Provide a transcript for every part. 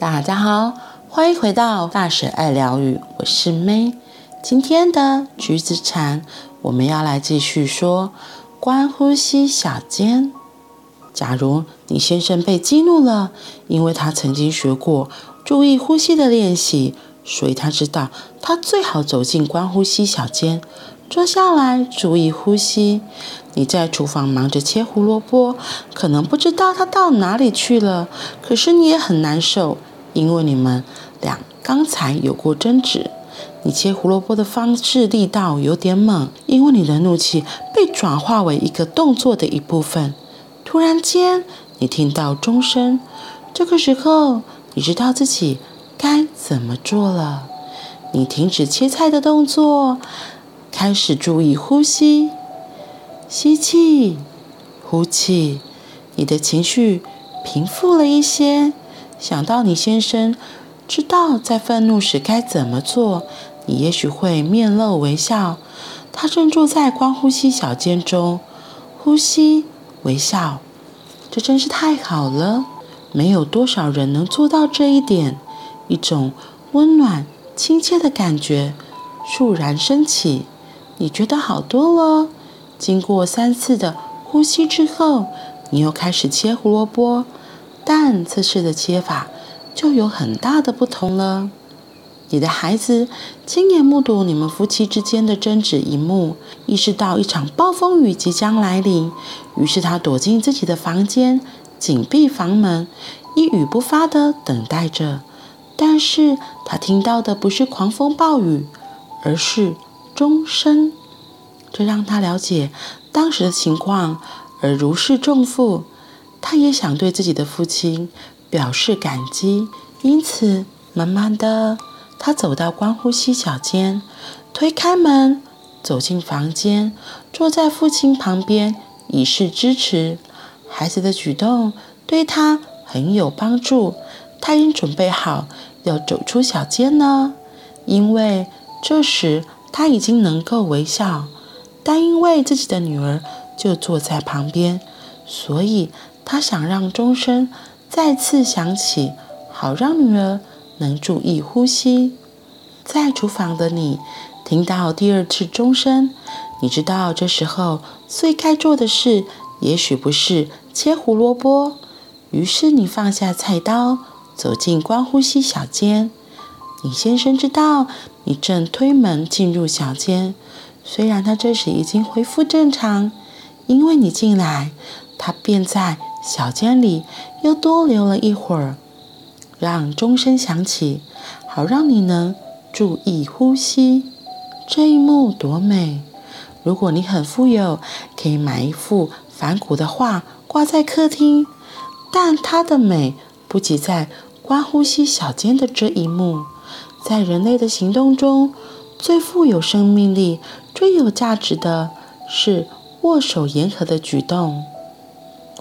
大家好，歡迎回到大嬸愛療癒，我是 May。今天的橘子禪，我們要來繼續說觀呼吸小間。假如你先生被激怒了，因為他曾經學過注意呼吸的練習，所以他知道他最好走進觀呼吸小間，坐下來注意呼吸。你在廚房忙着切胡蘿蔔，可能不知道他到哪裡去了，可是你也很難受。因為你們倆剛才有過爭執，你切胡蘿蔔的方式力道有點猛，因為你的怒氣被轉化為一個動作的一部分。突然間，你聽到鐘聲，這個時候你知道自己該怎麼做了。你停止切菜的動作，開始注意呼吸，吸氣，呼氣。你的情緒平復了一些。想到你先生知道在憤怒時該怎麼做，你也許會面露微笑。他正坐在觀呼吸小間中，呼吸微笑，這真是太好了。沒有多少人能做到這一點。一種溫暖親切的感覺倏然升起，你覺得好多了。經過三次的呼吸之後，你又開始切胡蘿蔔。但這次的切法就有很大的不同了。你的孩子親眼目睹你們夫妻之間的爭執一幕，意識到一場暴風雨即將來臨，於是他躲進自己的房間，緊閉房門，一語不發地等待着。但是他聽到的不是狂風暴雨，而是鐘聲，這讓他了解當時的情況，而如釋重負。他也想對自己的父親表示感激，因此，慢慢的，他走到觀呼吸小間，推開門，走進房間，坐在父親旁邊，以示支持。孩子的舉動對他很有幫助。他已經準備好要走出小間了，因為這時他已經能夠微笑，但因為自己的女兒就坐在旁邊，所以。他想讓鐘聲再次響起，好讓女兒能注意呼吸。在廚房的你聽到第二次鐘聲，你知道這時候最該做的事，也許不是切胡蘿蔔。於是你放下菜刀，走進觀呼吸小間。你先生知道你正推門進入小間，雖然他這時已經恢復正常，因為你進來，他便在。小間裡又多留了一會兒，讓鐘聲響起，好讓你能注意呼吸。這一幕多美！如果你很富有，可以買一幅梵谷的畫掛在客廳。但它的美不及在觀呼吸小間的這一幕，在人類的行動中最富有生命力、最有價值的是握手言和的舉動。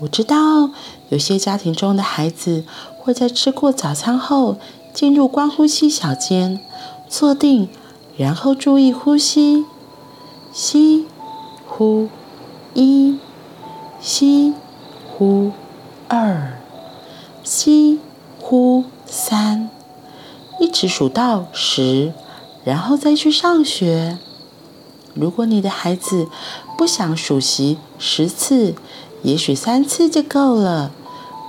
我知道有些家庭中的孩子會在吃過早餐後進入觀呼吸小間，坐定，然後注意呼吸，吸，呼，一，吸，呼，二，吸，呼，三，一直數到十，然後再去上學。如果你的孩子不想數息十次，也許三次就夠了。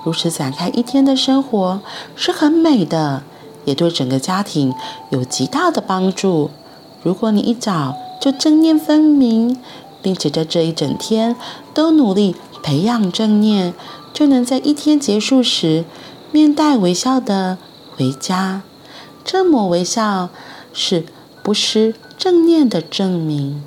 如此展開一天的生活是很美的，也對整個家庭有極大的幫助。如果你一早就正念分明，並且在這一整天都努力培養正念，就能在一天結束時面帶微笑地回家。這抹微笑是不失正念的證明。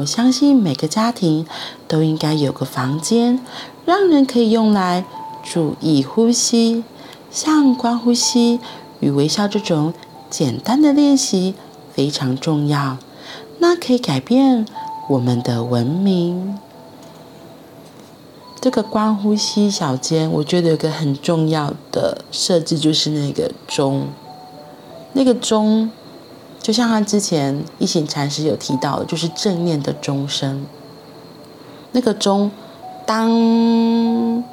我相信每個家庭都應該有個房間，讓人可以用來注意呼吸，像觀呼吸與微笑這種簡單的練習非常重要。那可以改變我們的文明。這個觀呼吸小間，我覺得有個很重要的設置就是那個鐘，那個鐘。就像他之前一行禪師有提到的，就是正念的鐘聲。那個鐘，當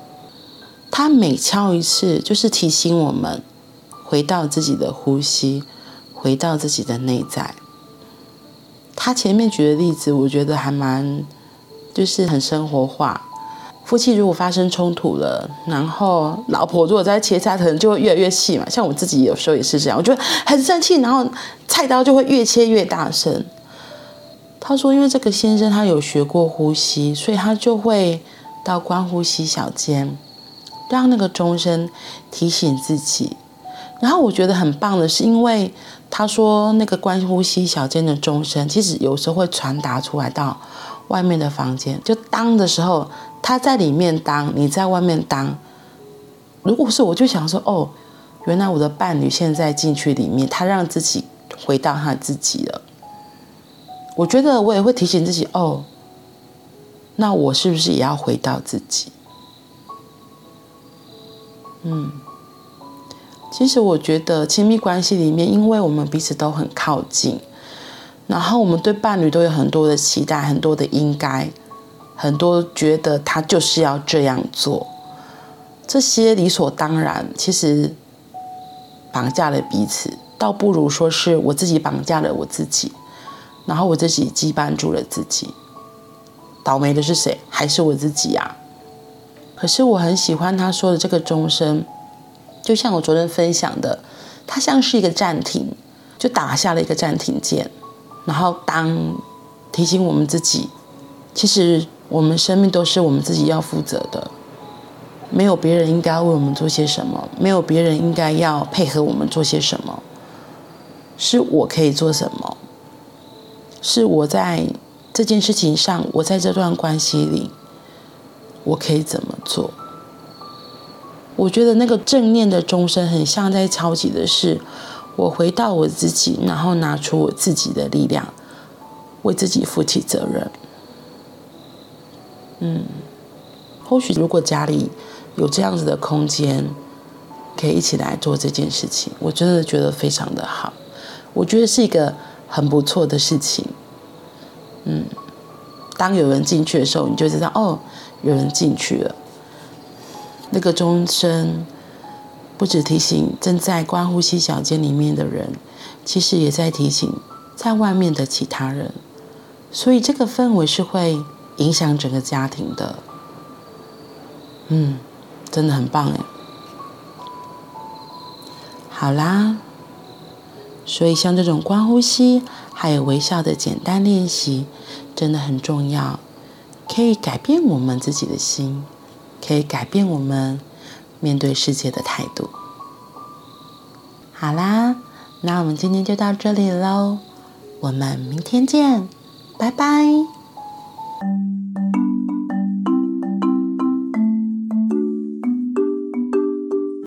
他每敲一次，就是提醒我們回到自己的呼吸，回到自己的內在。他前面舉的例子，我覺得還蠻，就是很生活化。夫妻如果發生衝突了，然後老婆如果在切菜，可能就會越來越細嘛。像我自己有時候也是這樣，我覺得很生氣，然後菜刀就會越切越大聲。他說，因為這個先生他有學過呼吸，所以他就會到觀呼吸小間，讓那個鐘聲提醒自己。然後我覺得很棒的是，因為他說那個觀呼吸小間的鐘聲，其實有時候會傳達出來到外面的房間，就當的時候。他在裡面當，你在外面當。如果是，我就想說，哦，原來我的伴侶現在進去裡面，他讓自己回到他自己了。我覺得我也會提醒自己，哦，那我是不是也要回到自己？嗯，其實我覺得親密關係裡面，因為我們彼此都很靠近，然後我們對伴侶都有很多的期待，很多的應該。很多覺得他就是要這樣做，這些理所當然，其實綁架了彼此，倒不如說是我自己綁架了我自己，然後我自己羈絆住了自己。倒霉的是誰？還是我自己啊？可是我很喜歡他說的這個鐘聲，就像我昨天分享的，他像是一個暫停，就打下了一個暫停鍵，然後當提醒我們自己，其實。我們生命都是我們自己要負責的，沒有別人應該為我們做些什麼，沒有別人應該要配合我們做些什麼，是我可以做什麼？是我在這件事情上，我在這段關係裡，我可以怎麼做？我覺得那個正念的鐘聲很像在敲擊的是我回到我自己，然後拿出我自己的力量，為自己負起責任。嗯，或許如果家裡有這樣子的空間，可以一起來做這件事情，我真的覺得非常的好。我覺得是一個很不錯的事情。嗯，當有人進去的時候，你就知道哦，有人進去了。那個鐘聲不只提醒正在觀呼吸小間裡面的人，其實也在提醒在外面的其他人。所以這個氛圍是會。影響整個家庭的，嗯，真的很棒哎！好啦，所以像這種觀呼吸還有微笑的簡單練習，真的很重要，可以改變我們自己的心，可以改變我們面對世界的態度。好啦，那我們今天就到這裡嘍，我們明天見，拜拜。